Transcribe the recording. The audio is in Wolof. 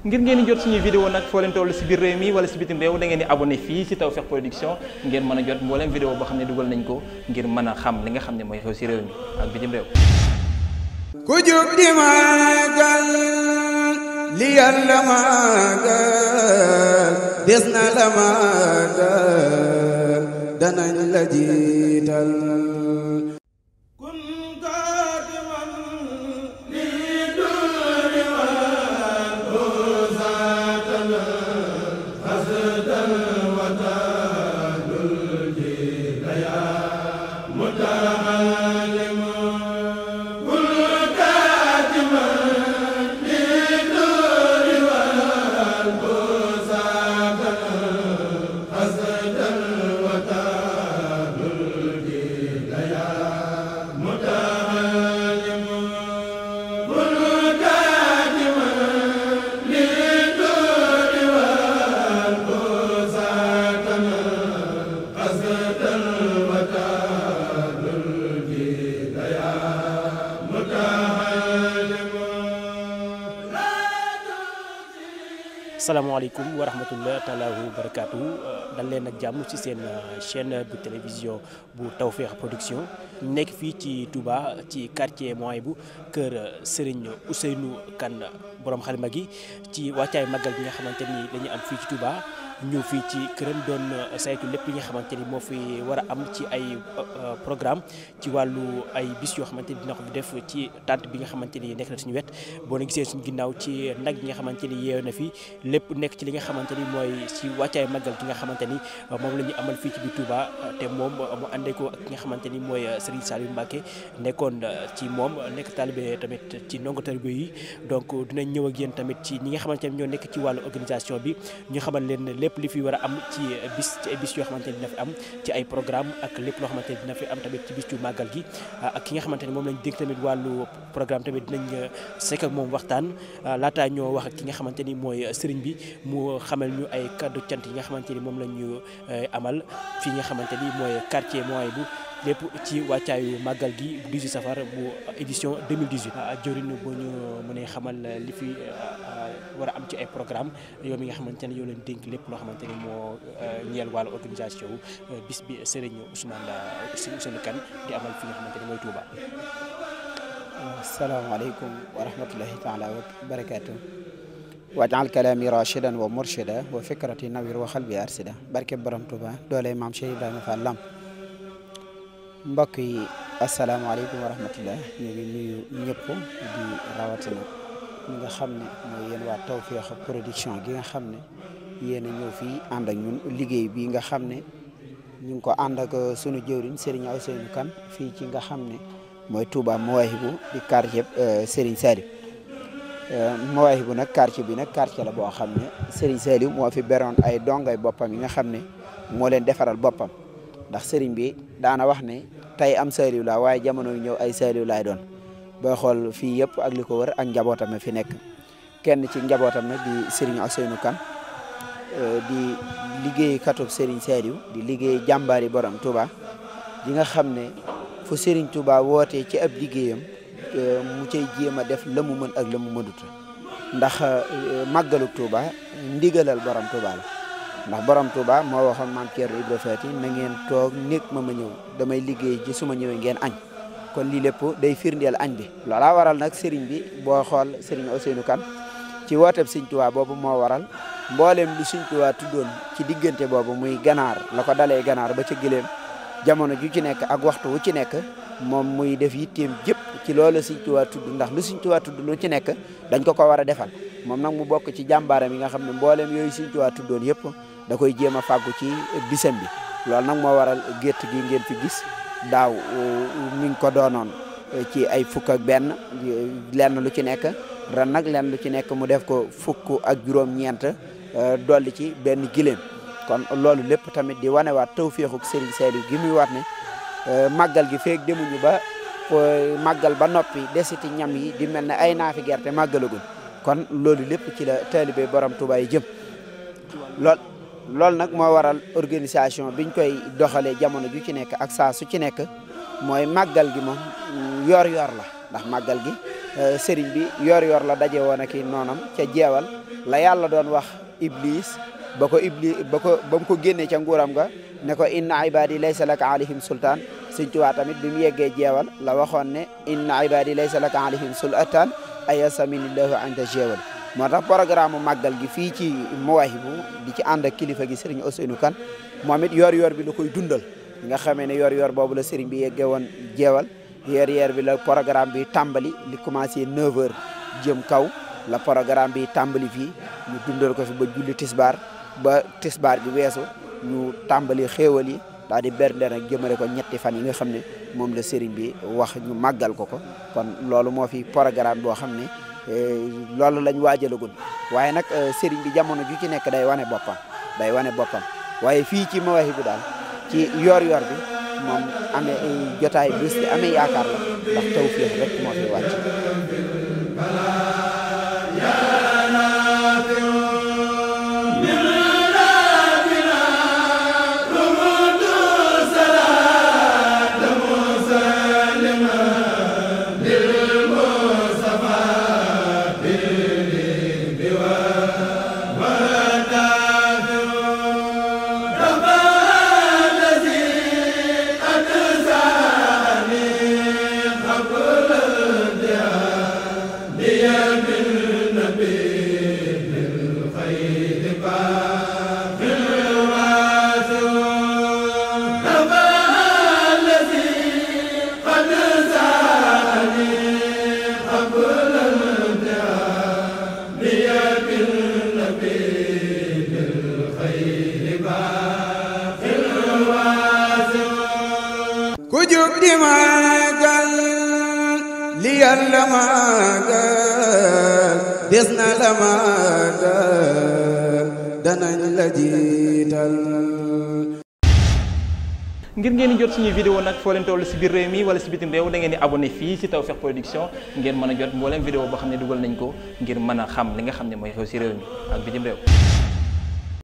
ngir ngeen di jot suñuy vidéo nag foo leen si biir réew mi wala si bitim réew da ngeen di abonné fii si Tawfekh Production ngeen mën a jot mbooleem vidéo boo xam ne dugal nañ ko ngir mën a xam li nga xam ne mooy xew si réew mi ak bitim réew ku jóg di màggal li yàlla màggal des na la màggal danañ la jiital salaamaaleykum wa rahmatullah taala wa barakaatu dal leen ak jàmm ci seen euh, chaîne bu télévision bu Tawfekh Production nekk fii ci Touba ci quartier bu kër euh, Serigne Ousseynou Kane borom xalima gi ci wàccaay màggal bi nga xamante ni dañuy am fii ci Touba. ñu fii ci këram doon uh, saytu lépp li nga xamante ni moo fi war am ci ay uh, uh, programme ci wàllu ay bis yoo xamante ni dina ko def ci tànt bi nga xamante ni nekk na suñu wet boo na gisee suñu ginnaaw ci nag yi nga xamante ni yeew na fi lépp nekk ci li nga xamante ni mooy ci wàccaay màggal gi nga xamante ni moom la ñu amal fii ci biir Touba te moom mu àndee ko ak ki nga xamante ni mooy Serigne Saliou Mbacké nekkoon ci moom nekk taalibe tamit ci ndongo taalibe yi donc dinañ ñëw ak yéen tamit ci ñi nga xamante ni ñoo nekk ci wàllu organisation bi ñu xamal leen lépp li fi war a am ci bis ci ay bis yoo xamante ni dina fi am ci ay programme ak lépp loo xamante ne dina fi am tamit ci bis yu màggal gi ah, ak ki nga xamante ne moom lañ dégg tamit wàllu programme tamit dinañ euh, sekk ak moom waxtaan ah, laata ñoo wax ak ki nga xamante ni mooy euh, sëriñ bi mu xamal ñu ay kàddu cant yi nga xamante ni moom lañ ñu euh, amal fii nga xamante ni mooy quartier mooy bu lépp ci wàccaayu màggal gi 18 safar bu édition 2018. Ah, Jëriñ boo ñu mënee xamal li fi euh, euh, war am ci ay programme yow mi nga xamante ne yow leen dénk lépp loo xamante ne moo euh, ñeel wàllu organisation bis bi Serigne di mooy Touba. asalaamaaleykum wa rahmatullahi taala wa barakaatu. wajaal kalaami rashidan wa murshida wa fikrati nawir wa xalbi arsida barke borom Touba doole maam Cheikh Ibrahima Fall Lamp mbokk yi asalaamaaleykum wa rahmatullah ñu ngi nuyu ñëpp di rawatina ñi nga xam ne mooy yéen waa Tawfekh Production gi nga xam ne yéen a ñëw fii ànd ak ñun liggéey bi nga xam ne ñu ngi ko ànd ak sunu jëwriñ Serigne Ousseynou kan fii ci nga xam ne mooy Touba Mawahibou di quartier euh, Serigne Saliou euh, Mawahibou nag quartier bi nag quartier la boo xam ne Serigne Saliou moo fi beroon ay dongay boppam yi nga xam ne moo leen defaral boppam ndax sëriñ bi daana wax ne tey am Saliou laa waaye jamono yu ñëw ay Saliou laay doon booy xool fii yëpp ak li ko wër ak njabootam fi nekk kenn ci njabootam nag di sëriñ Ousseynou kan euh, di liggéey katub sëriñ Saliou di liggéey jàmbaari borom Touba di nga xam ne fu sëriñ Touba wootee ci ab liggéeyam euh, mu ci jéem a def lamumën ak la mu ndax euh, màggalu Touba ndigalal borom Touba ndax borom Touba moo waxoon maam Thierno Ibra na ngeen toog néeg ma ma ñëw damay liggéey ji suma ñëwee ngeen añ kon lii lépp day firndeel añ bi loola waral nag sëriñ bi boo xool sëriñ Ousseynou Kane ci wooteb sëriñ Touba boobu moo waral mbooleem lu sëriñ Touba ci diggante boobu muy ganaar la ko dalee ganaar ba ca gëléem jamono ju ci nekk ak waxtu wu ci nekk moom muy def yitteem jëpp ci loolu sëriñ Touba ndax lu sëriñ Touba lu ci nekk dañ ko ko wara defal moom nag mu bokk ci jàmbaaram yi nga xam ne mbooleem yooyu sëriñ Touba tuddoon yëpp da koy jéem a fàggu ci bisam bi loolu nag moo waral gétt gi ngeen fi gis daaw uh, mi ngi ko doonoon uh, ci ay fukk ak benn uh, lenn lu ci nekk ren nag lenn lu ci nekk mu def ko fukk ak juróom-ñeent dolli ci benn giléem kon loolu lépp tamit di wanewaat tawféexug Serigne Saliou gi muy waat ne màggal gi feeg demuñu ba màggal ba noppi desiti ñam yi di mel ne ay naafi gerte màggalagul kon loolu lépp ci la taalibe borom Tuubaa yi jëm lool loolu nag moo waral organisation biñ koy doxalee jamono ju ci nekk ak saa su ci nekk mooy màggal gi moom yor-yor la ndax màggal gi euh, sëriñ bi yor-yor la daje woon ak i noonam ca jeewal la yàlla doon wax iblis ba ko iblis ba ko ba mu ko génnee ca nguuram ga ne ko inna ibadi laysa laka alayhim sultaan Sëriñ Tuubaa tamit bi mu yeggee jeewal la waxoon ne inna ibadi laysa laka alayhim sultaan ayasaminillahu anta jeewal moo tax programme màggal gi fii ci bu di ci ànd kilifa gi Serigne Ousseynou Kane moom it yor-yor bi la koy dundal nga xamee ne yor-yor boobu la Serigne bi yeggee woon jeewal yor bi la programme bi tàmbali li commencé 9h jëm kaw la programme bi tàmbali fii ñu dundal ko fi ba julli tisbaar ba tisbaar gi weesu ñu tàmbali xéewal yi daal di berndé jëmale ko ñetti fan yi nga xam ne moom la Serigne bi wax ñu màggal ko ko kon loolu moo fi programme boo xam ne. Eh, loolu lañ waajalagul waaye nag eh, sëriñ bi jamono ju ci nekk day wane boppam day wane boppam waaye fii ci Mawahibou daal ci yor-yor bi moom amee eh, jotaay bés bi amee yaakaar la ndax tawfeex rek moo fi wàcc. jóg di màggal li Yàlla màggal des na la màggal danañ la jiital ngir ngeen jot suñuy vidéo nag foo leen toll si biir réew mi wala si bitim réew da ngeen di abonné fii si Tawfekh Production ngeen mën a jot mboolem vidéo boo xam ne dugal nañ ko ngir mën a xam li nga xam ne mooy xew si réew mi ak bitim réew